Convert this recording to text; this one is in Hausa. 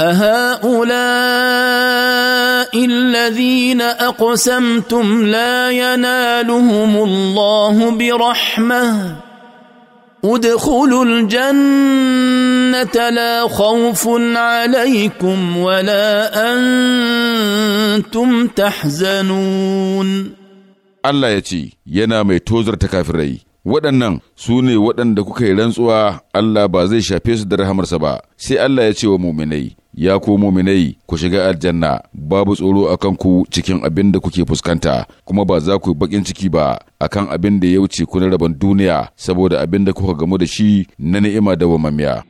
أهؤلاء الذين أقسمتم لا ينالهم الله برحمة ادخلوا الجنة لا خوف عليكم ولا أنتم تحزنون الله يتي ينا مي توزر تكافري waɗannan su ne waɗanda kuka yi rantsuwa Allah ba zai shafe su da rahamarsa ba, sai Allah ya ce wa muminai. ya ku muminai ku shiga aljanna babu tsoro akan ku cikin abin da kuke fuskanta kuma ba za ku bakin ciki ba akan abin da ya wuce ku na rabon duniya saboda abin da kuka gamu da shi na ni'ima da wamamiya.